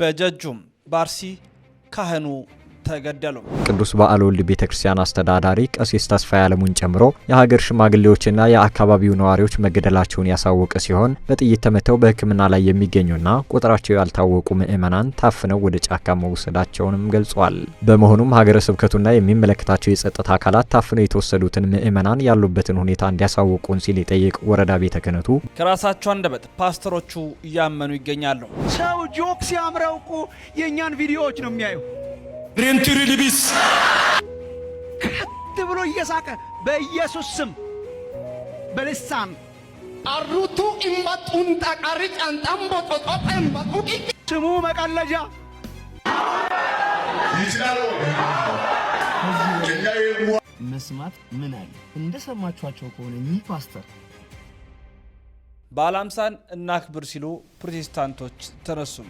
በጀጁም ባርሲ ካህኑ ተገደሉ። ቅዱስ በዓለ ወልድ ቤተ ክርስቲያን አስተዳዳሪ ቀሲስ ተስፋ ያለሙን ጨምሮ የሀገር ሽማግሌዎችና የአካባቢው ነዋሪዎች መገደላቸውን ያሳወቀ ሲሆን በጥይት ተመተው በሕክምና ላይ የሚገኙና ቁጥራቸው ያልታወቁ ምዕመናን ታፍነው ወደ ጫካ መወሰዳቸውንም ገልጿል። በመሆኑም ሀገረ ስብከቱና የሚመለከታቸው የጸጥታ አካላት ታፍነው የተወሰዱትን ምዕመናን ያሉበትን ሁኔታ እንዲያሳውቁን ሲል የጠየቅ ወረዳ ቤተ ክህነቱ ከራሳቸው አንደበት ፓስተሮቹ እያመኑ ይገኛሉ። ሰው ጆክ ሲያምረውቁ የእኛን ቪዲዮዎች ነው የሚያዩ ብሬንትሪ ልቢስ ከት ብሎ እየሳቀ በኢየሱስ ስም በልሳን አሩቱ ኢማጡንጣ ቃሪ ጫንጣም ቦጦጦጠም ባቁቂ ስሙ መቀለጃ መስማት ምን አለ እንደሰማችኋቸው ከሆነ እኚህ ፓስተር በዓለ ሃምሳን እናክብር ሲሉ ፕሮቴስታንቶች ተነሱም።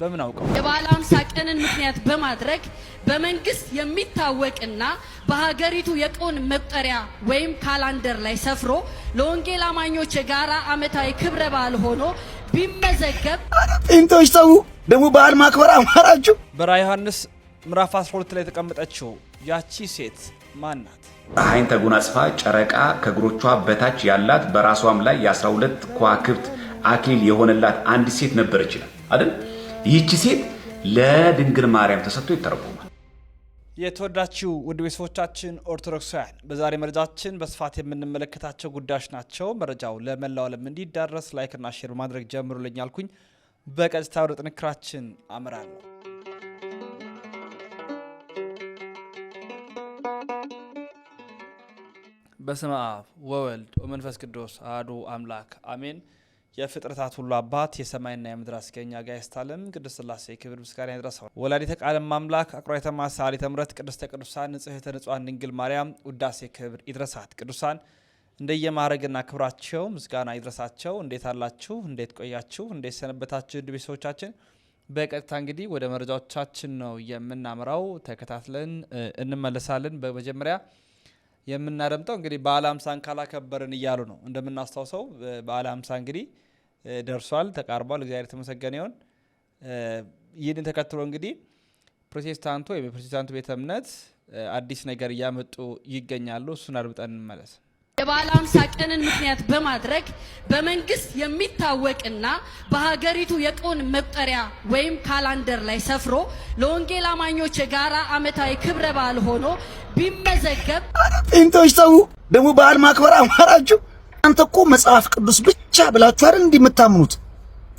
በምን አውቀው? የበዓለ ሃምሳ ቀንን ምክንያት በማድረግ በመንግስት የሚታወቅና በሀገሪቱ የቀን መቁጠሪያ ወይም ካላንደር ላይ ሰፍሮ ለወንጌል አማኞች የጋራ አመታዊ ክብረ በዓል ሆኖ ቢመዘገብ ጴንጤዎች ሰው ደግሞ በዓል ማክበር አማራችሁ። በራ ዮሐንስ ምዕራፍ 12 ላይ የተቀመጠችው ያቺ ሴት ማን ናት? ፀሐይን ተጎናጽፋ ጨረቃ ከእግሮቿ በታች ያላት በራሷም ላይ የ12 ከዋክብት አክሊል የሆነላት አንድ ሴት ነበረች ይላል አይደል? ይህቺ ሴት ለድንግል ማርያም ተሰጥቶ ይተረጎማል። የተወዳችው ውድ ቤተሰቦቻችን ኦርቶዶክሳውያን፣ በዛሬ መረጃችን በስፋት የምንመለከታቸው ጉዳዮች ናቸው። መረጃው ለመላው ዓለም እንዲዳረስ ላይክና ሼር በማድረግ ጀምሩልኝ አልኩኝ። በቀጥታ ወደ ጥንክራችን አምራል። በስመ አብ ወወልድ ወመንፈስ ቅዱስ አሐዱ አምላክ አሜን። የፍጥረታት ሁሉ አባት የሰማይና የምድር አስገኛ ጋይስታለም ቅዱስ ስላሴ ክብር ምስጋና ይድረሰዋል። ወላዲተ ቃል አምላክ አቁራዊ ተማሳሪ ተምረት ቅድስተ ቅዱሳን ንጽሕተ ንጹሐን ድንግል ማርያም ውዳሴ ክብር ይድረሳት። ቅዱሳን እንደየማዕረግና ክብራቸው ምስጋና ይድረሳቸው። እንዴት አላችሁ? እንዴት ቆያችሁ? እንዴት ሰነበታችሁ? ድቤ ሰዎቻችን በቀጥታ እንግዲህ ወደ መረጃዎቻችን ነው የምናምራው። ተከታትለን እንመለሳለን። በመጀመሪያ የምናደምጠው እንግዲህ በዓለ ሃምሳን ካላከበርን እያሉ ነው። እንደምናስታውሰው በዓለ ሃምሳ እንግዲህ ደርሷል፣ ተቃርቧል። እግዚአብሔር የተመሰገነ ይሁን። ይህንን ተከትሎ እንግዲህ ፕሮቴስታንቱ ወይም የፕሮቴስታንቱ ቤተ እምነት አዲስ ነገር እያመጡ ይገኛሉ። እሱን አድምጠን እንመለስ። የበዓለ ሃምሳ ቀንን ምክንያት በማድረግ በመንግስት የሚታወቅና በሀገሪቱ የቀን መቁጠሪያ ወይም ካላንደር ላይ ሰፍሮ ለወንጌል አማኞች የጋራ አመታዊ ክብረ በዓል ሆኖ ቢመዘገብ ጴንቶች ሰው ደግሞ በዓል ማክበር አማራችሁ። እናንተ እኮ መጽሐፍ ቅዱስ ብቻ ብላችሁ አይደል እንዲህ የምታምኑት?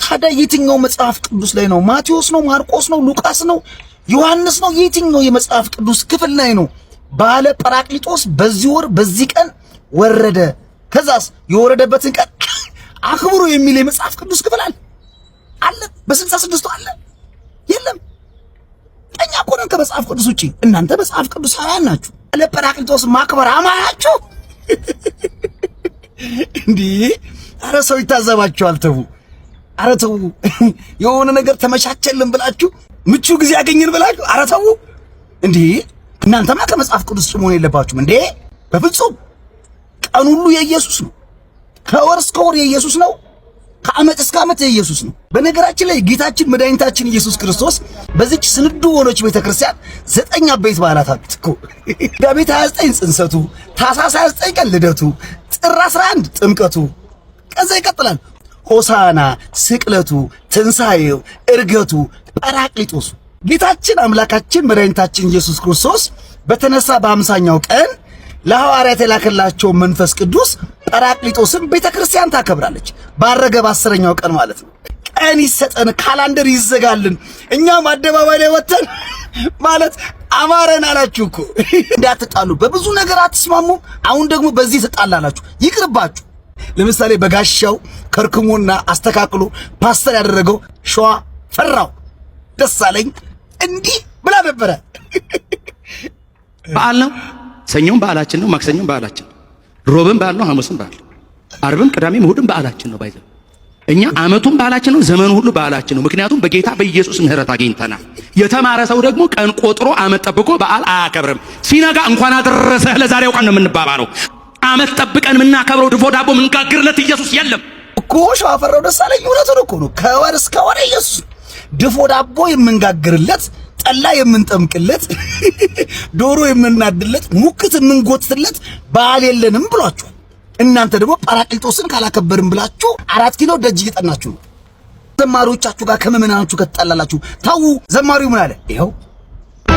ታዲያ የትኛው መጽሐፍ ቅዱስ ላይ ነው? ማቴዎስ ነው? ማርቆስ ነው? ሉቃስ ነው? ዮሐንስ ነው? የትኛው የመጽሐፍ ቅዱስ ክፍል ላይ ነው? ባለ ጰራቅሊጦስ በዚህ ወር በዚህ ቀን ወረደ፣ ከዛስ የወረደበትን ቀን አክብሩ የሚል የመጽሐፍ ቅዱስ ክፍል አለ አለ? በስልሳ ስድስቱ አለ የለም? እኛ እኮ ነን ከመጽሐፍ ቅዱስ ውጪ። እናንተ መጽሐፍ ቅዱስ ናችሁ። ባለ ጰራቅሊጦስ ማክበር አማራችሁ። እንዲህ አረ ሰው ይታዘባችኋል። ተው አረ ተው። የሆነ ነገር ተመቻቸልን ብላችሁ ምቹ ጊዜ ያገኝን ብላችሁ አረ ተው። እንዲህ እናንተማ ከመጽሐፍ ቅዱስ መሆን የለባችሁም እንዴ! በፍጹም ቀን ሁሉ የኢየሱስ ነው። ከወር እስከ ወር የኢየሱስ ነው። ከዓመት እስከ ዓመት የኢየሱስ ነው። በነገራችን ላይ ጌታችን መድኃኒታችን ኢየሱስ ክርስቶስ በዚች ስንዱ ሆኖች ቤተክርስቲያን ዘጠኝ አበይት በዓላት አሉት እኮ መጋቢት 29 ጽንሰቱ፣ ታኅሳስ 29 ቀን ልደቱ፣ ጥር 11 ጥምቀቱ። ከዛ ይቀጥላል ሆሳና፣ ስቅለቱ፣ ትንሣኤው፣ እርገቱ፣ ጰራቅሊጦሱ። ጌታችን አምላካችን መድኃኒታችን ኢየሱስ ክርስቶስ በተነሳ በአምሳኛው ቀን ለሐዋርያት የላከላቸው መንፈስ ቅዱስ ጰራቅሊጦስን ቤተ ክርስቲያን ታከብራለች። ባረገ በአስረኛው ቀን ማለት ነው። ቀን ይሰጠን፣ ካላንደር ይዘጋልን። እኛም አደባባይ ላይ ወጥተን ማለት አማረን አላችሁ እኮ እንዳትጣሉ። በብዙ ነገር አትስማሙ። አሁን ደግሞ በዚህ ተጣላላችሁ፣ ይቅርባችሁ። ለምሳሌ በጋሻው ከርክሞና አስተካክሎ ፓስተር ያደረገው ሸዋ ፈራው አለኝ እንዲህ ብላ ነበረ። በዓል ነው። ሰኞም በዓላችን ነው። ማክሰኞም በዓላችን ነው። ሮብን በዓል ነው፣ ሐሙስን በዓል አርብም፣ ቅዳሜም እሑድም በዓላችን ነው። ባይዘ እኛ ዓመቱም በዓላችን ነው፣ ዘመኑ ሁሉ በዓላችን ነው። ምክንያቱም በጌታ በኢየሱስ ምሕረት አግኝተናል። የተማረ ሰው ደግሞ ቀን ቆጥሮ አመት ጠብቆ በዓል አያከብርም። ሲነጋ እንኳን አደረሰ ለዛሬው ቀን ነው የምንባባለው። ዓመት ጠብቀን የምናከብረው ድፎ ዳቦ የምንጋግርለት ኢየሱስ የለም እኮ ሸዋፈራው ደሳለኝ እውነቱን እኮ ነው። ከወር እስከ ወር ኢየሱስ ድፎ ዳቦ የምንጋግርለት ጠላ የምንጠምቅለት፣ ዶሮ የምናድለት፣ ሙክት የምንጎትትለት ባል የለንም ብሏችሁ እናንተ ደግሞ ጳራቅሊጦስን ካላከበርን ብላችሁ አራት ኪሎ ደጅ እየጠናችሁ ነው። ዘማሪዎቻችሁ ጋር ከምዕመናኖቹ ጋር ትጣላላችሁ። ዘማሪው ምን አለ ይኸው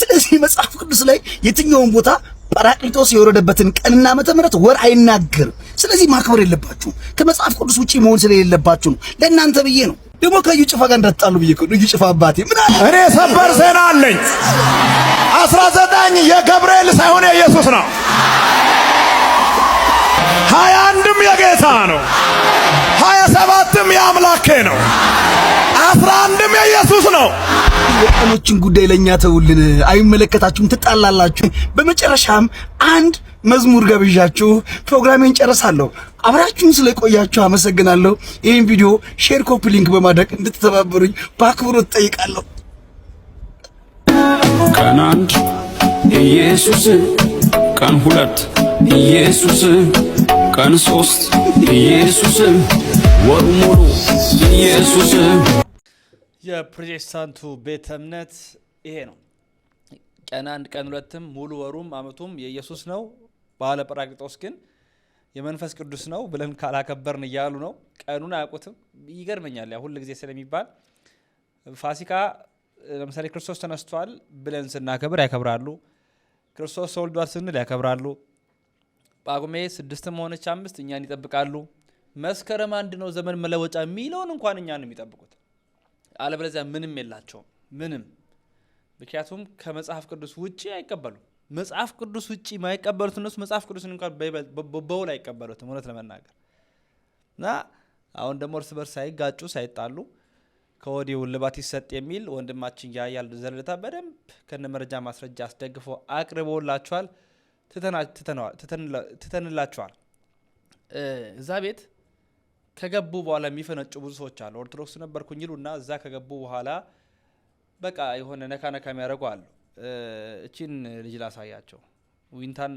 ስለዚህ መጽሐፍ ቅዱስ ላይ የትኛውን ቦታ ጳራቅሊጦስ የወረደበትን ቀንና ዓመተ ምሕረት ወር አይናገርም። ስለዚህ ማክበር የለባችሁም። ከመጽሐፍ ቅዱስ ውጪ መሆን ስለሌለባችሁ ነው። ለእናንተ ብዬ ነው። ደግሞ ከዩ ጭፋ ጋር እንዳትጣሉ ብዬ ነው። ዩ ጭፋ አባቴ ምን አለ? እኔ ሰበር ዜና አለኝ። አስራ ዘጠኝ የገብርኤል ሳይሆን የኢየሱስ ነው። ሀያ አንድም የጌታ ነው። ሰባትም የአምላኬ ነው፣ አስራ አንድም የኢየሱስ ነው። የቀኖችን ጉዳይ ለእኛ ተውልን፣ አይመለከታችሁም፣ ትጣላላችሁ። በመጨረሻም አንድ መዝሙር ገብዣችሁ ፕሮግራሜን ጨርሳለሁ። አብራችሁን ስለቆያችሁ አመሰግናለሁ። ይህን ቪዲዮ ሼር፣ ኮፒ ሊንክ በማድረግ እንድትተባበሩኝ በአክብሮት ጠይቃለሁ። ቀን አንድ ኢየሱስ፣ ቀን ሁለት ኢየሱስ፣ ቀን ሶስት ኢየሱስ ወሩ ሙሉ ኢየሱስ። የፕሮቴስታንቱ ቤተ እምነት ይሄ ነው። ቀን አንድ ቀን ሁለትም ሙሉ ወሩም አመቱም የኢየሱስ ነው። በዓለ ጰራቅሊጦስ ግን የመንፈስ ቅዱስ ነው ብለን ካላከበርን እያሉ ነው። ቀኑን አያውቁትም። ይገርመኛል። ሁል ጊዜ ስለሚባል ፋሲካ ለምሳሌ ክርስቶስ ተነስቷል ብለን ስናከብር ያከብራሉ። ክርስቶስ ተወልዷል ስንል ያከብራሉ። ጳጉሜ ስድስትም ሆነች አምስት እኛን ይጠብቃሉ። መስከረም አንድ ነው ዘመን መለወጫ የሚለውን እንኳን እኛ ነው የሚጠብቁት። አለበለዚያ ምንም የላቸውም ምንም። ምክንያቱም ከመጽሐፍ ቅዱስ ውጭ አይቀበሉም። መጽሐፍ ቅዱስ ውጭ ማይቀበሉት እነሱ መጽሐፍ ቅዱስን እንኳን በውል አይቀበሉትም እውነት ለመናገር እና አሁን ደግሞ እርስ በርስ ሳይጋጩ ሳይጣሉ ከወዲሁ ልባት ይሰጥ የሚል ወንድማችን ያያል ዘለታ በደንብ ከነ መረጃ ማስረጃ አስደግፎ አቅርቦላችኋል፣ ትተንላችኋል። እዛ ቤት ከገቡ በኋላ የሚፈነጩ ብዙ ሰዎች አሉ። ኦርቶዶክስ ነበርኩኝ ይሉና እዛ ከገቡ በኋላ በቃ የሆነ ነካ ነካ የሚያደርጉ አሉ። እቺን ልጅ ላሳያቸው። ዊንታን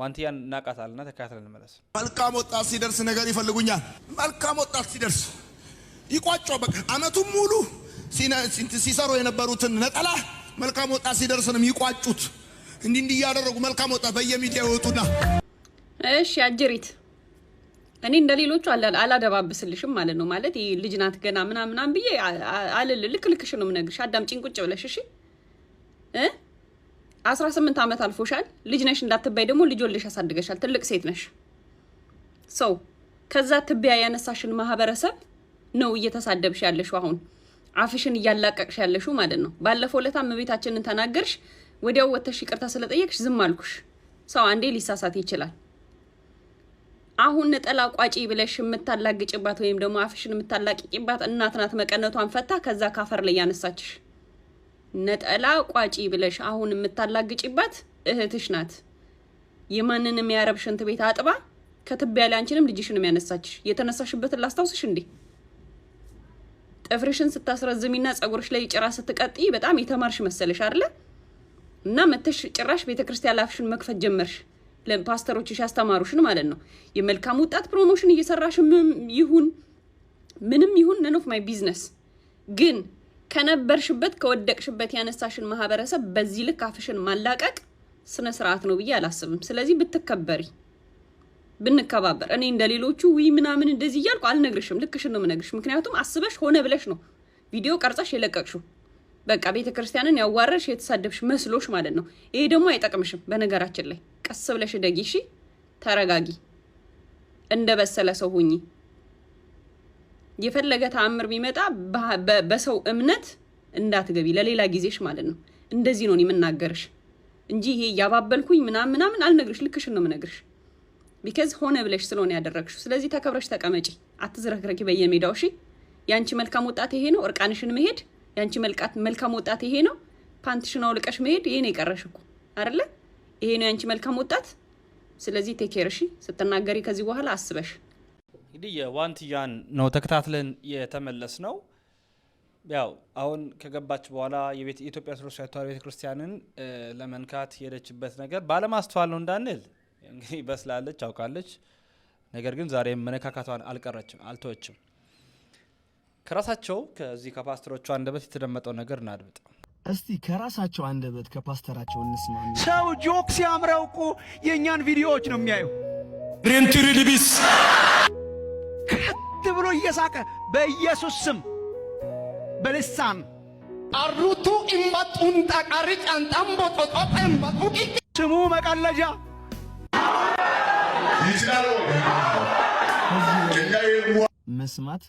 ዋንትያን ና ተካትለን እንመለስ። መልካም ወጣት ሲደርስ ነገር ይፈልጉኛል። መልካም ወጣት ሲደርስ ይቋጫ በቃ አመቱን ሙሉ ሲሰሩ የነበሩትን ነጠላ መልካም ወጣት ሲደርስ ነው የሚቋጩት። እንዲህ እንዲህ እያደረጉ መልካም ወጣት በየሚዲያ ይወጡና እሺ አጀሪት እኔ እንደ ሌሎቹ አላደባብስልሽም ማለት ነው። ማለት ይሄ ልጅ ናት ገና ምናምናም ብዬ አልል። ልክ ልክሽ ነው የምነግርሽ። አዳም ጭንቁጭ ብለሽ እሺ። አስራ ስምንት ዓመት አልፎሻል። ልጅ ነሽ እንዳትባይ ደግሞ ልጅ ወልደሽ አሳድገሻል። ትልቅ ሴት ነሽ። ሰው ከዛ ትቢያ ያነሳሽን ማህበረሰብ ነው እየተሳደብሽ ያለሽው አሁን አፍሽን እያላቀቅሽ ያለሽው ማለት ነው። ባለፈው ለታ እመቤታችንን ተናገርሽ፣ ወዲያው ወተሽ ይቅርታ ስለጠየቅሽ ዝም አልኩሽ። ሰው አንዴ ሊሳሳት ይችላል። አሁን ነጠላ ቋጪ ብለሽ የምታላግጭባት ወይም ደግሞ አፍሽን የምታላቅቂባት እናት ናት። መቀነቷን ፈታ ከዛ ካፈር ላይ ያነሳችሽ ነጠላ ቋጪ ብለሽ አሁን የምታላግጭባት እህትሽ ናት። የማንንም የአረብ ሽንት ቤት አጥባ ከትቢያ ላይ አንቺንም ልጅሽንም ያነሳችሽ። የተነሳሽበትን ላስታውስሽ እንዴ ጥፍርሽን ስታስረዝሚና ጸጉርሽ ላይ ጭራ ስትቀጥ በጣም የተማርሽ መሰለሽ አይደለ? እና መተሽ ጭራሽ ቤተክርስቲያን ላፍሽን መክፈት ጀመርሽ። ፓስተሮችሽ ያስተማሩሽን ማለት ነው። የመልካም ወጣት ፕሮሞሽን እየሰራሽ ይሁን ምንም ይሁን ነን ኦፍ ማይ ቢዝነስ ግን ከነበርሽበት ከወደቅሽበት ያነሳሽን ማህበረሰብ በዚህ ልክ አፍሽን ማላቀቅ ስነ ስርዓት ነው ብዬ አላስብም። ስለዚህ ብትከበሪ ብንከባበር፣ እኔ እንደ ሌሎቹ ውይ ምናምን እንደዚህ እያልኩ አልነግርሽም። ልክሽን ነው የምነግርሽ። ምክንያቱም አስበሽ ሆነ ብለሽ ነው ቪዲዮ ቀርጸሽ የለቀቅሽው። በቃ ቤተ ክርስቲያንን ያዋረሽ የተሳደብሽ መስሎሽ ማለት ነው። ይሄ ደግሞ አይጠቅምሽም በነገራችን ላይ ቀስ ብለሽ እደጊ፣ እሺ? ተረጋጊ፣ እንደ በሰለ ሰው ሁኚ። የፈለገ ተአምር ቢመጣ በሰው እምነት እንዳትገቢ፣ ለሌላ ጊዜሽ ማለት ነው። እንደዚህ ነው የምናገርሽ እንጂ ይሄ እያባበልኩኝ ምናምን ምናምን አልነግርሽ። ልክሽን ነው የምነግርሽ፣ ቢከዝ ሆነ ብለሽ ስለሆነ ያደረግሽው። ስለዚህ ተከብረሽ ተቀመጪ፣ አትዝረክረኪ በየሜዳው እሺ። ያንቺ መልካም ወጣት ይሄ ነው፣ እርቃንሽን መሄድ። ያንቺ መልካም ወጣት ይሄ ነው፣ ፓንትሽን አውልቀሽ መሄድ። ይሄ ነው የቀረሽ እኮ አይደለ? ይሄ ነው ያንቺ መልካም ወጣት። ስለዚህ ቴኬር እሺ፣ ስትናገሪ ከዚህ በኋላ አስበሽ። እንግዲህ የዋንትያን ነው ተከታትለን የተመለስ ነው። ያው አሁን ከገባች በኋላ የኢትዮጵያ ኦርቶዶክስ ተዋሕዶ ቤተክርስቲያንን ለመንካት የሄደችበት ነገር ባለማስተዋል ነው እንዳንል እንግዲህ በስላለች አውቃለች። ነገር ግን ዛሬም መነካካቷን አልቀረችም፣ አልተወችም። ከራሳቸው ከዚህ ከፓስተሮቿ አንደበት የተደመጠው ነገር እናድምጥ። እስቲ ከራሳቸው አንደበት ከፓስተራቸው እንስማ። ሰው ጆክ ሲያምረው እኮ የእኛን ቪዲዮዎች ነው የሚያዩ። ሬንትሪ ልቢስ ከት ብሎ እየሳቀ በኢየሱስ ስም በልሳን አሩቱ ኢምባት ኡንጣ ቃሪጭ አንጣምቦ ጦጦጣ ኢምባት ስሙ መቀለጃ መስማት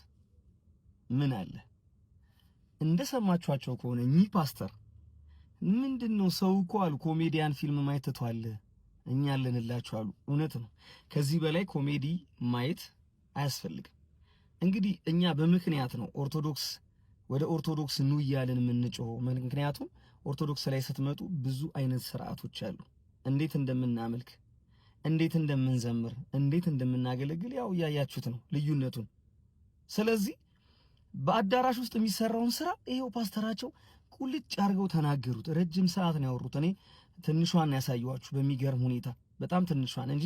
ምን አለ እንደሰማችኋቸው ከሆነ እኚህ ፓስተር ምንድን ነው ሰው እኮ አሉ ኮሜዲያን ፊልም ማየት ትቷል፣ እኛ አለንላችሁ አሉ። እውነት ነው። ከዚህ በላይ ኮሜዲ ማየት አያስፈልግም። እንግዲህ እኛ በምክንያት ነው ኦርቶዶክስ ወደ ኦርቶዶክስ ኑ እያልን የምንጮኸው። ምክንያቱም ኦርቶዶክስ ላይ ስትመጡ ብዙ አይነት ስርዓቶች አሉ። እንዴት እንደምናመልክ፣ እንዴት እንደምንዘምር፣ እንዴት እንደምናገለግል ያው እያያችሁት ነው ልዩነቱን። ስለዚህ በአዳራሽ ውስጥ የሚሰራውን ስራ ይሄው ፓስተራቸው ቁልጭ አድርገው ተናገሩት። ረጅም ሰዓት ነው ያወሩት። እኔ ትንሿን ያሳየኋችሁ በሚገርም ሁኔታ በጣም ትንሿን እንጂ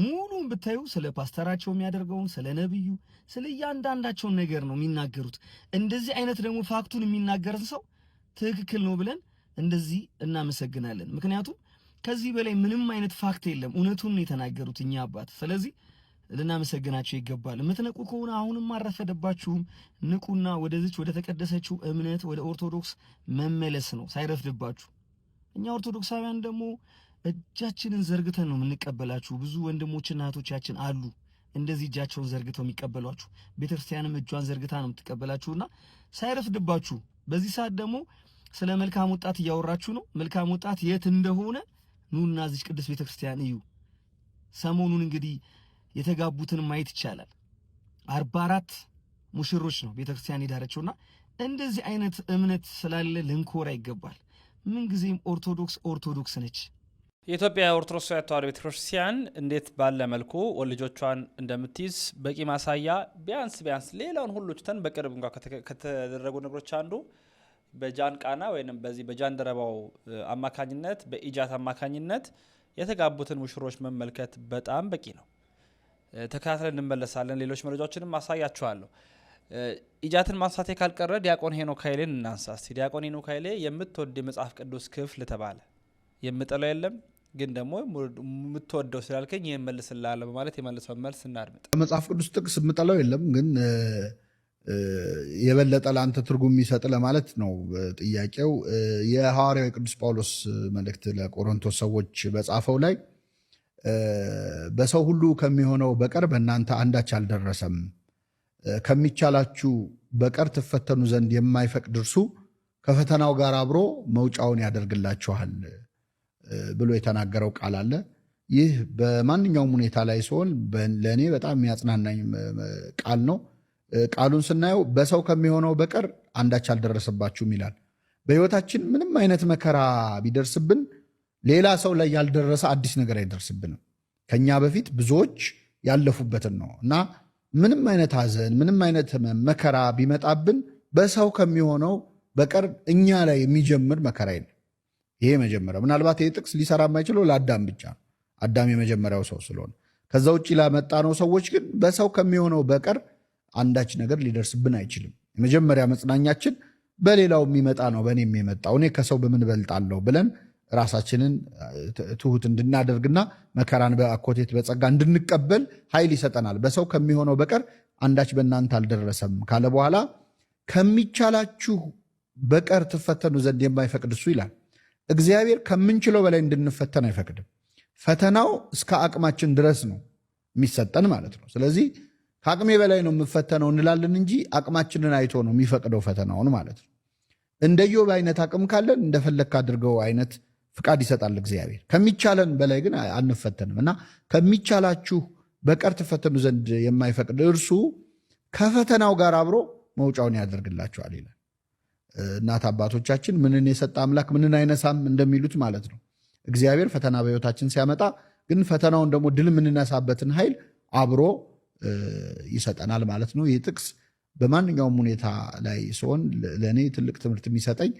ሙሉን ብታዩ ስለ ፓስተራቸው የሚያደርገውን ስለ ነብዩ፣ ስለ እያንዳንዳቸውን ነገር ነው የሚናገሩት። እንደዚህ አይነት ደግሞ ፋክቱን የሚናገርን ሰው ትክክል ነው ብለን እንደዚህ እናመሰግናለን። ምክንያቱም ከዚህ በላይ ምንም አይነት ፋክት የለም። እውነቱን የተናገሩት እኛ አባት። ስለዚህ ልናመሰግናቸው ይገባል። የምትነቁ ከሆነ አሁንም አረፈደባችሁም፣ ንቁና ወደዚች ወደ ተቀደሰችው እምነት ወደ ኦርቶዶክስ መመለስ ነው ሳይረፍድባችሁ። እኛ ኦርቶዶክሳውያን ደግሞ እጃችንን ዘርግተን ነው የምንቀበላችሁ። ብዙ ወንድሞችና እህቶቻችን አሉ እንደዚህ እጃቸውን ዘርግተው የሚቀበሏችሁ፣ ቤተክርስቲያንም እጇን ዘርግታ ነው የምትቀበላችሁና ሳይረፍድባችሁ። በዚህ ሰዓት ደግሞ ስለ መልካም ወጣት እያወራችሁ ነው። መልካም ወጣት የት እንደሆነ ኑና እዚች ቅዱስ ቤተክርስቲያን እዩ። ሰሞኑን እንግዲህ የተጋቡትን ማየት ይቻላል። አርባ አራት ሙሽሮች ነው ቤተክርስቲያን የዳረችውና እንደዚህ አይነት እምነት ስላለ ልንኮራ ይገባል። ምንጊዜም ኦርቶዶክስ ኦርቶዶክስ ነች። የኢትዮጵያ ኦርቶዶክስ ተዋሕዶ ቤተክርስቲያን እንዴት ባለ መልኩ ወልጆቿን እንደምትይዝ በቂ ማሳያ ቢያንስ ቢያንስ ሌላውን ሁሉ ችተን በቅርብ እንኳ ከተደረጉ ነገሮች አንዱ በጃን ቃና ወይም በዚህ ደረባው አማካኝነት በኢጃት አማካኝነት የተጋቡትን ሙሽሮች መመልከት በጣም በቂ ነው። ተከታትለን እንመለሳለን። ሌሎች መረጃዎችንም አሳያችኋለሁ። ኢጃትን ማንሳቴ ካልቀረ ዲያቆን ሄኖክ ኃይሌን እናንሳ እስቲ። ዲያቆን ሄኖክ ኃይሌ የምትወድ የመጽሐፍ ቅዱስ ክፍል ተባለ። የምጠለው የለም ግን ደግሞ የምትወደው ስላልከኝ ይህን በማለት የመለሰውን መልስ እናድምጥ። መጽሐፍ ቅዱስ ጥቅስ የምጠለው የለም ግን የበለጠ ለአንተ ትርጉም የሚሰጥ ለማለት ነው ጥያቄው። የሐዋርያው ቅዱስ ጳውሎስ መልእክት ለቆሮንቶስ ሰዎች በጻፈው ላይ በሰው ሁሉ ከሚሆነው በቀር በእናንተ አንዳች አልደረሰም። ከሚቻላችሁ በቀር ትፈተኑ ዘንድ የማይፈቅድ እርሱ ከፈተናው ጋር አብሮ መውጫውን ያደርግላችኋል ብሎ የተናገረው ቃል አለ። ይህ በማንኛውም ሁኔታ ላይ ሲሆን ለእኔ በጣም የሚያጽናናኝ ቃል ነው። ቃሉን ስናየው በሰው ከሚሆነው በቀር አንዳች አልደረሰባችሁም ይላል። በሕይወታችን ምንም አይነት መከራ ቢደርስብን ሌላ ሰው ላይ ያልደረሰ አዲስ ነገር አይደርስብንም። ከኛ በፊት ብዙዎች ያለፉበትን ነው እና ምንም አይነት ሐዘን፣ ምንም አይነት መከራ ቢመጣብን በሰው ከሚሆነው በቀር እኛ ላይ የሚጀምር መከራ የለም። ይሄ መጀመሪያው። ምናልባት ይህ ጥቅስ ሊሰራ የማይችለው ለአዳም ብቻ ነው፣ አዳም የመጀመሪያው ሰው ስለሆነ። ከዛ ውጭ ላመጣ ነው ሰዎች ግን በሰው ከሚሆነው በቀር አንዳች ነገር ሊደርስብን አይችልም። የመጀመሪያ መጽናኛችን በሌላው የሚመጣ ነው፣ በእኔ የሚመጣው እኔ ከሰው በምን እበልጣለሁ ብለን ራሳችንን ትሁት እንድናደርግና መከራን በአኮቴት በጸጋ እንድንቀበል ኃይል ይሰጠናል። በሰው ከሚሆነው በቀር አንዳች በእናንተ አልደረሰም ካለ በኋላ ከሚቻላችሁ በቀር ትፈተኑ ዘንድ የማይፈቅድ እሱ ይላል። እግዚአብሔር ከምንችለው በላይ እንድንፈተን አይፈቅድም። ፈተናው እስከ አቅማችን ድረስ ነው የሚሰጠን ማለት ነው። ስለዚህ ከአቅሜ በላይ ነው የምፈተነው እንላለን እንጂ አቅማችንን አይቶ ነው የሚፈቅደው ፈተናውን ማለት ነው። እንደ አይነት አቅም ካለን እንደፈለግ አድርገው አይነት ፍቃድ ይሰጣል እግዚአብሔር። ከሚቻለን በላይ ግን አንፈተንም እና ከሚቻላችሁ በቀር ትፈተኑ ዘንድ የማይፈቅድ እርሱ ከፈተናው ጋር አብሮ መውጫውን ያደርግላችኋል ይላል። እናት አባቶቻችን ምንን የሰጠ አምላክ ምንን አይነሳም እንደሚሉት ማለት ነው። እግዚአብሔር ፈተና በሕይወታችን ሲያመጣ ግን ፈተናውን ደግሞ ድል የምንነሳበትን ኃይል አብሮ ይሰጠናል ማለት ነው። ይህ ጥቅስ በማንኛውም ሁኔታ ላይ ሲሆን ለእኔ ትልቅ ትምህርት የሚሰጠኝ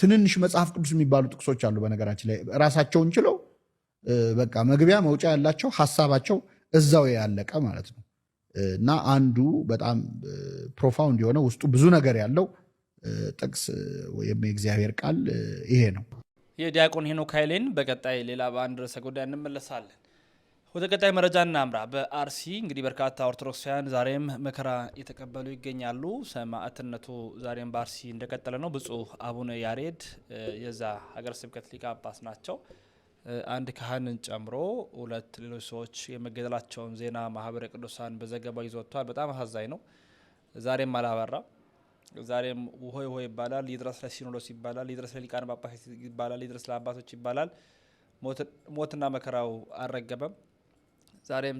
ትንንሽ መጽሐፍ ቅዱስ የሚባሉ ጥቅሶች አሉ። በነገራችን ላይ ራሳቸውን ችለው በቃ መግቢያ መውጫ ያላቸው ሀሳባቸው እዛው ያለቀ ማለት ነው እና አንዱ በጣም ፕሮፋውንድ የሆነ ውስጡ ብዙ ነገር ያለው ጥቅስ ወይም የእግዚአብሔር ቃል ይሄ ነው። የዲያቆን ሄኖክ ኃይሌን በቀጣይ ሌላ በአንድ ርዕሰ ጉዳይ እንመለሳለን። ወደ ቀጣይ መረጃ እናምራ። በአርሲ እንግዲህ በርካታ ኦርቶዶክሳውያን ዛሬም መከራ የተቀበሉ ይገኛሉ። ሰማዕትነቱ ዛሬም በአርሲ እንደቀጠለ ነው። ብፁዕ አቡነ ያሬድ የዛ ሀገረ ስብከት ሊቀ ጳጳስ ናቸው። አንድ ካህንን ጨምሮ ሁለት ሌሎች ሰዎች የመገደላቸውን ዜና ማህበረ ቅዱሳን በዘገባው ይዞቷል። በጣም አሳዛኝ ነው። ዛሬም አላበራ። ዛሬም ውሆ ሆይ ይባላል፣ ይድረስ ለሲኖዶስ ይባላል፣ ይድረስ ለሊቃነ ጳጳሳት ይባላል፣ ይድረስ ለአባቶች ይባላል። ሞትና መከራው አልረገበም። ዛሬም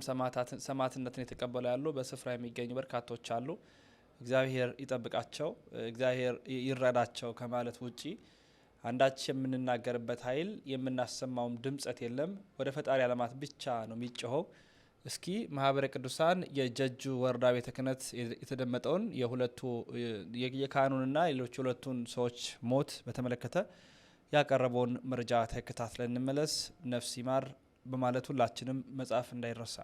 ሰማዕትነትን የተቀበሉ ያሉ በስፍራ የሚገኙ በርካቶች አሉ። እግዚአብሔር ይጠብቃቸው፣ እግዚአብሔር ይረዳቸው ከማለት ውጪ አንዳች የምንናገርበት ኃይል የምናሰማውም ድምጸት የለም። ወደ ፈጣሪ ዓለማት ብቻ ነው የሚጮኸው። እስኪ ማህበረ ቅዱሳን የጀጁ ወረዳ ቤተ ክህነት የተደመጠውን የሁለቱ የካህኑንና ሌሎች ሁለቱን ሰዎች ሞት በተመለከተ ያቀረበውን መረጃ ተከታትለን እንመለስ። ነፍስ ይማር። በማለት ሁላችንም መጽሐፍ እንዳይረሳ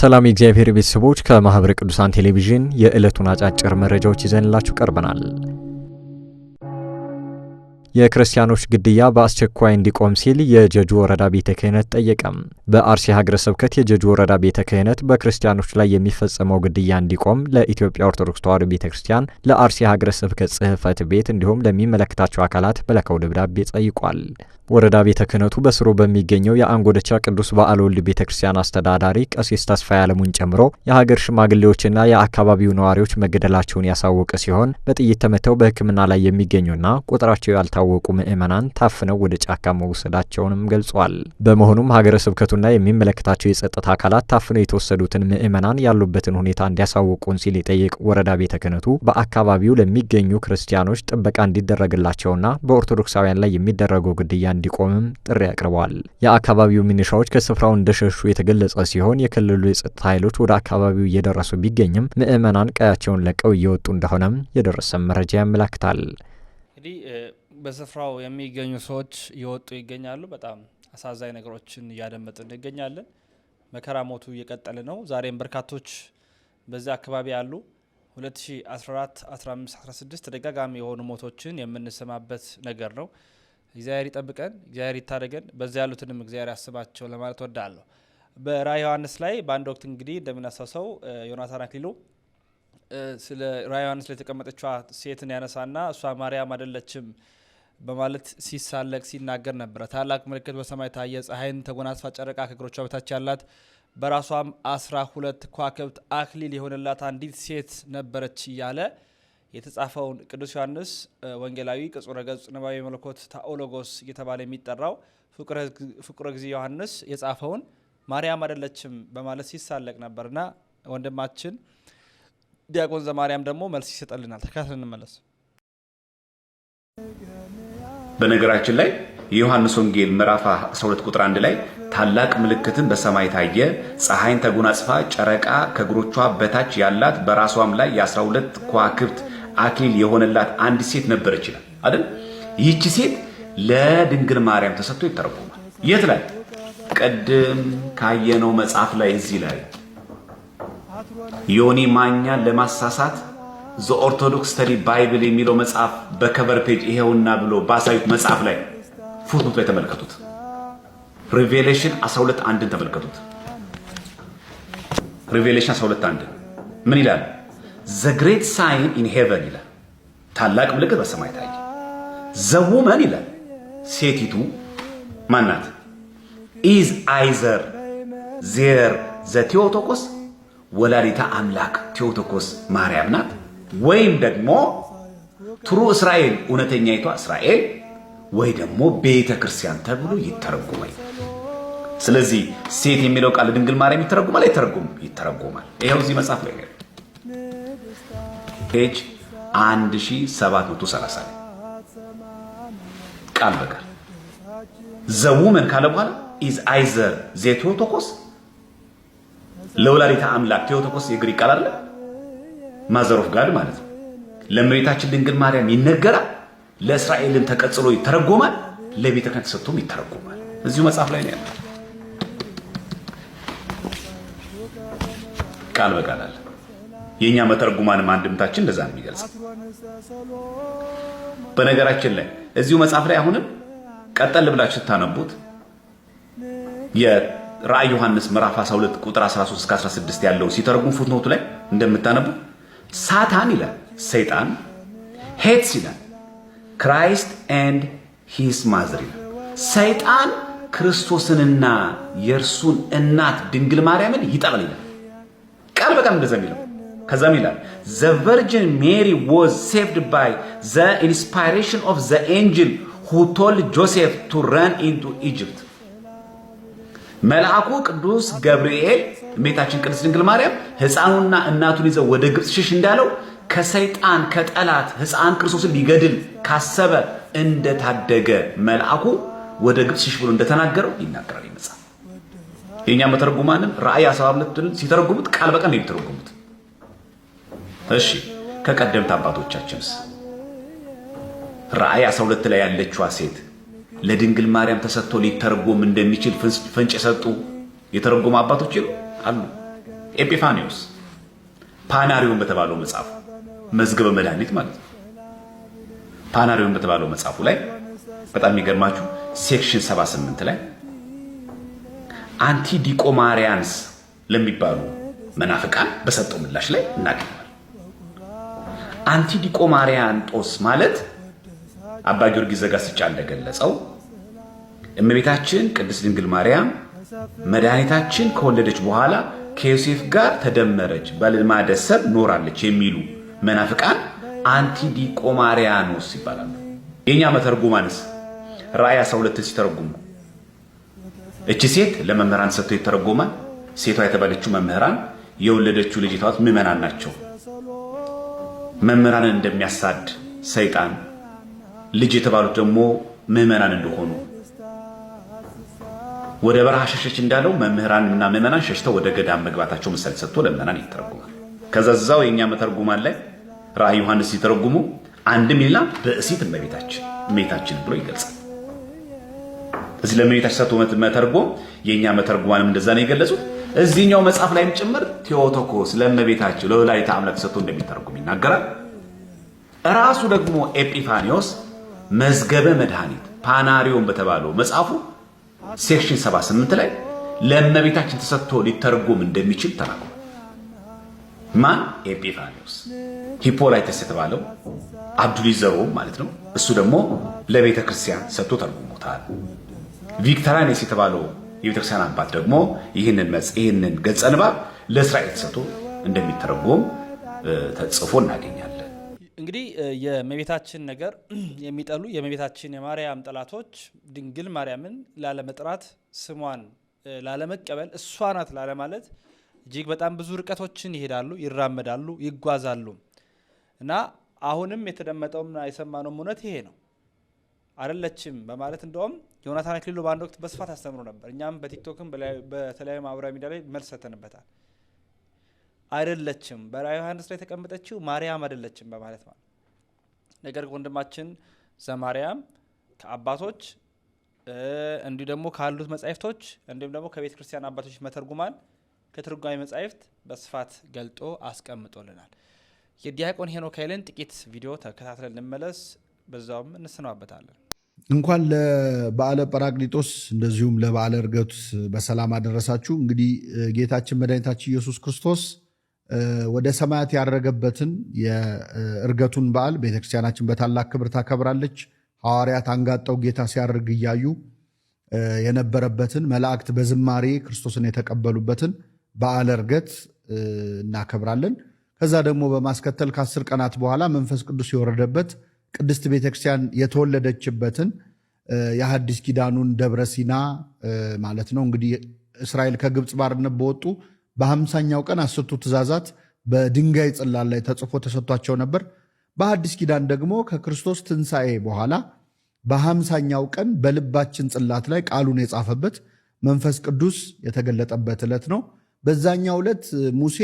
ሰላም የእግዚአብሔር ቤተሰቦች፣ ከማኅበረ ቅዱሳን ቴሌቪዥን የዕለቱን አጫጭር መረጃዎች ይዘንላችሁ ቀርበናል። የክርስቲያኖች ግድያ በአስቸኳይ እንዲቆም ሲል የጀጁ ወረዳ ቤተ ክህነት ጠየቀም። በአርሲ ሀገረ ስብከት የጀጁ ወረዳ ቤተ ክህነት በክርስቲያኖች ላይ የሚፈጸመው ግድያ እንዲቆም ለኢትዮጵያ ኦርቶዶክስ ተዋሕዶ ቤተ ክርስቲያን፣ ለአርሲ ሀገረ ስብከት ጽህፈት ቤት እንዲሁም ለሚመለከታቸው አካላት በላከው ደብዳቤ ጠይቋል። ወረዳ ቤተ ክህነቱ በስሮ በሚገኘው የአንጎደቻ ቅዱስ በዓለ ወልድ ቤተ ክርስቲያን አስተዳዳሪ ቀሲስ ተስፋ ያለሙን ጨምሮ የሀገር ሽማግሌዎችና የአካባቢው ነዋሪዎች መገደላቸውን ያሳወቀ ሲሆን በጥይት ተመተው በሕክምና ላይ የሚገኙና ቁጥራቸው ያልታወቁ ምዕመናን ታፍነው ወደ ጫካ መውሰዳቸውንም ገልጿል። በመሆኑም ሀገረ ስብከቱና የሚመለከታቸው የጸጥታ አካላት ታፍነው የተወሰዱትን ምዕመናን ያሉበትን ሁኔታ እንዲያሳውቁን ሲል የጠየቅ ወረዳ ቤተ ክህነቱ በአካባቢው ለሚገኙ ክርስቲያኖች ጥበቃ እንዲደረግላቸውና በኦርቶዶክሳውያን ላይ የሚደረገው ግድያ እንዲቆምም ጥሪ አቅርበዋል። የአካባቢው ሚኒሻዎች ከስፍራው እንደሸሹ የተገለጸ ሲሆን የክልሉ የጸጥታ ኃይሎች ወደ አካባቢው እየደረሱ ቢገኝም ምዕመናን ቀያቸውን ለቀው እየወጡ እንደሆነም የደረሰን መረጃ ያመላክታል። እንግዲህ በስፍራው የሚገኙ ሰዎች እየወጡ ይገኛሉ። በጣም አሳዛኝ ነገሮችን እያደመጥ እንገኛለን። መከራ ሞቱ እየቀጠለ ነው። ዛሬም በርካቶች በዚህ አካባቢ አሉ 2014፣ 15፣ 16 ተደጋጋሚ የሆኑ ሞቶችን የምንሰማበት ነገር ነው። እግዚአብሔር ይጠብቀን፣ እግዚአብሔር ይታደገን፣ በዛ ያሉትንም እግዚአብሔር ያስባቸው ለማለት ወዳለሁ። በራዕየ ዮሐንስ ላይ በአንድ ወቅት እንግዲህ እንደምናሳሰው ዮናታን አክሊሉ ስለ ራዕየ ዮሐንስ ላይ የተቀመጠችዋ ሴትን ያነሳና እሷ ማርያም አይደለችም በማለት ሲሳለቅ ሲናገር ነበረ። ታላቅ ምልክት በሰማይ ታየ፣ ፀሐይን ተጎናጽፋ ጨረቃ ከእግሮቿ በታች ያላት በራሷም አስራ ሁለት ኳከብት አክሊል የሆነላት አንዲት ሴት ነበረች እያለ የተጻፈውን ቅዱስ ዮሐንስ ወንጌላዊ ቅጹረ ገጽ ንባቤ መለኮት ታኦሎጎስ እየተባለ የሚጠራው ፍቁረ ጊዜ ዮሐንስ የጻፈውን ማርያም አይደለችም በማለት ሲሳለቅ ነበርና ወንድማችን ዲያቆን ዘማርያም ደግሞ መልስ ይሰጠልናል። ተካትለን እንመለስ። በነገራችን ላይ የዮሐንስ ወንጌል ምዕራፍ 12 ቁጥር 1 ላይ ታላቅ ምልክትን በሰማይ ታየ፣ ፀሐይን ተጎናጽፋ ጨረቃ ከእግሮቿ በታች ያላት በራሷም ላይ የ12 ከዋክብት አክሊል የሆነላት አንዲት ሴት ነበረች ይላል አይደል? ይህቺ ሴት ለድንግል ማርያም ተሰጥቶ ይተረጎማል። የት ላይ ቅድም ካየነው መጽሐፍ ላይ እዚህ ላይ ዮኒ ማኛን ለማሳሳት ዘ ኦርቶዶክስ ስተዲ ባይብል የሚለው መጽሐፍ በከቨር ፔጅ ይሄውና ብሎ ባሳዩት መጽሐፍ ላይ ፉትኖት ላይ ተመልከቱት። ሪቬሌሽን 12 አንድን ተመልከቱት። ሪቬሌሽን 12 ምን ይላል? ዘግሬት ሳይን ኢን ሄቨን ይላል። ታላቅ ምልክት በሰማይ ታየ። ዘውመን ይላል ሴቲቱ ማናት? ኢዝ አይዘር ዜር ዘቴዎቶኮስ ወላዲታ አምላክ ቴዎቶኮስ ማርያም ናት፣ ወይም ደግሞ ትሩ እስራኤል እውነተኛይቷ እስራኤል፣ ወይ ደግሞ ቤተ ክርስቲያን ተብሎ ይተረጉማል። ስለዚህ ሴት የሚለው ቃል ድንግል ማርያም ይተረጉማል አይተረጉም? ይተረጉማል። ይኸው እዚህ መጽሐፍ ላይ ፔጅ 1730 ላይ ቃል በቃል ዘውመን ካለ በኋላ ኢዝ አይዘር ዜቴዎቶኮስ ለወላዲተ አምላክ ቴዎቶኮስ የግሪክ ቃል አለ ማዘሮፍ ጋድ ማለት ነው። ለእመቤታችን ድንግል ማርያም ይነገራል። ለእስራኤልም ተቀጽሎ ይተረጎማል። ለቤተ ክህነት ተሰጥቶም ይተረጎማል። እዚሁ መጽሐፍ ላይ ነው ያለው ቃል በቃል አለ። የእኛ መተርጉማንም አንድምታችን እንደዛ ነው የሚገልጽ። በነገራችን ላይ እዚሁ መጽሐፍ ላይ አሁንም ቀጠል ብላችሁ ስታነቡት የራእይ ዮሐንስ ምዕራፍ 12 ቁጥር 13 እስከ 16 ያለው ሲተረጉም ፉትኖቱ ላይ እንደምታነቡ ሳታን ይላል ሰይጣን፣ ሄትስ ይላል ክራይስት ኤንድ ሂስ ማዝር ይላል ሰይጣን ክርስቶስንና የእርሱን እናት ድንግል ማርያምን ይጠቅል ይላል። ቃል በቃል እንደዛ የሚለው ከዛም ይላል ዘ ቨርጅን ሜሪ ዋዝ ሴቭድ ባይ ዘ ኢንስፓይሬሽን ኦፍ ዘ ኤንጅል ሁ ቶልድ ጆሴፍ ቱ ረን ኢንቱ ኢጅፕት። መልአኩ ቅዱስ ገብርኤል እመቤታችን ቅድስት ድንግል ማርያም ሕፃኑና እናቱን ይዘው ወደ ግብፅ ሽሽ እንዳለው ከሰይጣን ከጠላት ሕፃን ክርስቶስን ሊገድል ካሰበ እንደታደገ መልአኩ ወደ ግብፅ ሽሽ ብሎ እንደተናገረው ይናገራል። ይመጻ የእኛ መተርጉማንም ራእይ 72 ሲተረጉሙት ቃል በቃል ነው የሚተረጉሙት። እሺ ከቀደምት አባቶቻችንስ ራእይ 12 ላይ ያለችዋ ሴት ለድንግል ማርያም ተሰጥቶ ሊተረጎም እንደሚችል ፍንጭ የሰጡ የተረጎሙ አባቶች አሉ። ኤጲፋኒዎስ ፓናሪዮን በተባለው መጽሐፉ መዝገበ መድኃኒት ማለት ነው። ፓናሪዮን በተባለው መጽሐፉ ላይ በጣም የሚገርማችሁ ሴክሽን 78 ላይ አንቲዲቆማሪያንስ ለሚባሉ መናፍቃን በሰጠው ምላሽ ላይ እናገኛል። አንቲዲቆማሪያንጦስ ማለት አባ ጊዮርጊስ ዘጋስጫ እንደገለጸው እመቤታችን ቅድስት ድንግል ማርያም መድኃኒታችን ከወለደች በኋላ ከዮሴፍ ጋር ተደመረች፣ በልማደ ሰብ ኖራለች የሚሉ መናፍቃን አንቲዲቆማሪያኖስ ይባላሉ። የእኛ መተርጉማንስ ራእይ 12 ሲተረጉሙ እቺ ሴት ለመምህራን ሰጥቶ የተረጎመ ሴቷ የተባለችው መምህራን የወለደችው ልጅ ታዋት ምዕመናን ናቸው። መምህራንን እንደሚያሳድ ሰይጣን ልጅ የተባሉት ደግሞ ምዕመናን እንደሆኑ ወደ በረሃ ሸሸች እንዳለው መምህራንና ምዕመናን ሸሽተው ወደ ገዳም መግባታቸው ምሳሌ ሰጥቶ ለምዕመናን ይተረጉማል። ከዛዛው የእኛ መተርጉማን ላይ ራእይ ዮሐንስ ሲተረጉሙ አንድ ሚልና በእሴት እመቤታችን እመቤታችን ብሎ ይገልጻል። እዚህ ለእመቤታችን ሰጥቶ መተርጎም የእኛ መተርጉማንም እንደዛ ነው የገለጹት። እዚህኛው መጽሐፍ ላይም ጭምር ቴዎቶኮስ ለእመቤታችን ለወላዲተ አምላክ ሰጥቶ እንደሚተረጉም ይናገራል። ራሱ ደግሞ ኤጲፋኒዎስ መዝገበ መድኃኒት ፓናሪዮን በተባለው መጽሐፉ ሴክሽን 78 ላይ ለእመቤታችን ተሰጥቶ ሊተረጉም እንደሚችል ተናግሯል። ማን? ኤጲፋኒዎስ። ሂፖላይተስ የተባለው አብዱሊዘሮም ማለት ነው። እሱ ደግሞ ለቤተ ክርስቲያን ሰጥቶ ተርጉሞታል። ቪክተራኔስ የተባለው የቤተክርስቲያን አባት ደግሞ ይህንን ገጸ ንባብ ለእስራኤል ተሰጥቶ እንደሚተረጎም ተጽፎ እናገኛለን። እንግዲህ የእመቤታችን ነገር የሚጠሉ የእመቤታችን የማርያም ጠላቶች ድንግል ማርያምን ላለመጥራት ስሟን ላለመቀበል እሷ ናት ላለማለት እጅግ በጣም ብዙ ርቀቶችን ይሄዳሉ፣ ይራመዳሉ፣ ይጓዛሉ እና አሁንም የተደመጠውና የሰማነውም እውነት ይሄ ነው። አይደለችም በማለት እንደውም ዮናታን አክሊሉ በአንድ ወቅት በስፋት አስተምሮ ነበር። እኛም በቲክቶክም በተለያዩ ማህበራዊ ሚዲያ ላይ መልስ ሰተንበታል። አይደለችም በራ ዮሐንስ ላይ የተቀመጠችው ማርያም አይደለችም በማለት ማለት ነገር ወንድማችን ዘማርያም ከአባቶች እንዲሁ ደግሞ ካሉት መጻሕፍቶች እንዲሁም ደግሞ ከቤተ ክርስቲያን አባቶች መተርጉማን ከትርጓሚ መጻሕፍት በስፋት ገልጦ አስቀምጦልናል። የዲያቆን ሄኖክ ጥቂት ቪዲዮ ተከታትለን እንመለስ፣ በዛውም እንሰናበታለን። እንኳን ለበዓለ ጰራቅሊጦስ እንደዚሁም ለበዓለ እርገት በሰላም አደረሳችሁ። እንግዲህ ጌታችን መድኃኒታችን ኢየሱስ ክርስቶስ ወደ ሰማያት ያረገበትን የእርገቱን በዓል ቤተክርስቲያናችን በታላቅ ክብር ታከብራለች። ሐዋርያት አንጋጠው ጌታ ሲያርግ እያዩ የነበረበትን መላእክት በዝማሬ ክርስቶስን የተቀበሉበትን በዓለ እርገት እናከብራለን። ከዛ ደግሞ በማስከተል ከአስር ቀናት በኋላ መንፈስ ቅዱስ የወረደበት ቅድስት ቤተክርስቲያን የተወለደችበትን የሐዲስ ኪዳኑን ደብረ ሲና ማለት ነው እንግዲህ እስራኤል ከግብፅ ባርነት በወጡ በሀምሳኛው ቀን አስርቱ ትእዛዛት በድንጋይ ጽላል ላይ ተጽፎ ተሰጥቷቸው ነበር። በሐዲስ ኪዳን ደግሞ ከክርስቶስ ትንሣኤ በኋላ በሀምሳኛው ቀን በልባችን ጽላት ላይ ቃሉን የጻፈበት መንፈስ ቅዱስ የተገለጠበት ዕለት ነው። በዛኛው ዕለት ሙሴ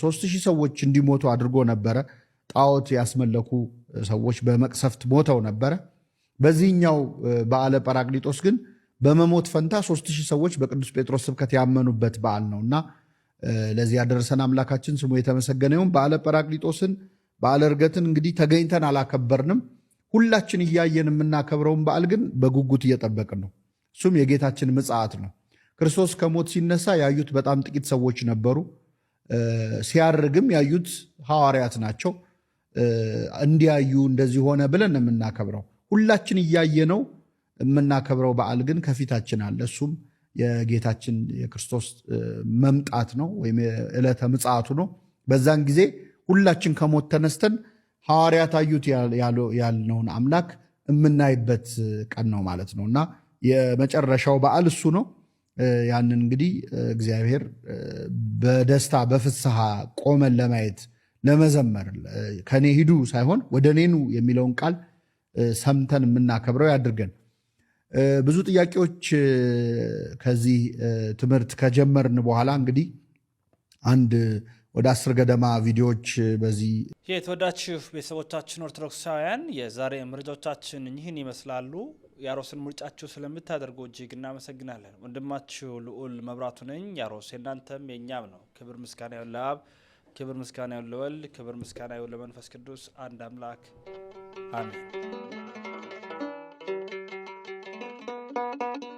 ሦስት ሺህ ሰዎች እንዲሞቱ አድርጎ ነበረ። ጣዖት ያስመለኩ ሰዎች በመቅሰፍት ሞተው ነበረ። በዚህኛው በዓለ ጰራቅሊጦስ ግን በመሞት ፈንታ ሦስት ሺህ ሰዎች በቅዱስ ጴጥሮስ ስብከት ያመኑበት በዓል ነው እና ለዚህ ያደረሰን አምላካችን ስሙ የተመሰገነ ይሁን። በዓለ ጰራቅሊጦስን በዓለ እርገትን እንግዲህ ተገኝተን አላከበርንም። ሁላችን እያየን የምናከብረውን በዓል ግን በጉጉት እየጠበቅን ነው። እሱም የጌታችን ምጽአት ነው። ክርስቶስ ከሞት ሲነሳ ያዩት በጣም ጥቂት ሰዎች ነበሩ። ሲያርግም ያዩት ሐዋርያት ናቸው። እንዲያዩ እንደዚህ ሆነ ብለን የምናከብረው ሁላችን እያየ ነው የምናከብረው በዓል ግን ከፊታችን አለ። እሱም የጌታችን የክርስቶስ መምጣት ነው፣ ወይም ዕለተ ምጽአቱ ነው። በዛን ጊዜ ሁላችን ከሞት ተነስተን ሐዋርያት አዩት ያልነውን አምላክ የምናይበት ቀን ነው ማለት ነው እና የመጨረሻው በዓል እሱ ነው። ያንን እንግዲህ እግዚአብሔር በደስታ በፍስሐ ቆመን ለማየት ለመዘመር ከኔ ሂዱ ሳይሆን ወደ እኔኑ የሚለውን ቃል ሰምተን የምናከብረው ያድርገን። ብዙ ጥያቄዎች ከዚህ ትምህርት ከጀመርን በኋላ እንግዲህ አንድ ወደ አስር ገደማ ቪዲዮዎች በዚህ የተወዳችሁ ቤተሰቦቻችን ኦርቶዶክሳውያን የዛሬ ምርጫዎቻችን እኚህን ይመስላሉ። ያሮስን ምርጫችሁ ስለምታደርጉ እጅግ እናመሰግናለን። ወንድማችሁ ልዑል መብራቱ ነኝ። ያሮስ የእናንተም የእኛም ነው። ክብር ምስጋና ለአብ ክብር ምስጋና ይሁን ለወልድ፣ ክብር ምስጋና ይሁን ለመንፈስ ቅዱስ አንድ አምላክ አሜን።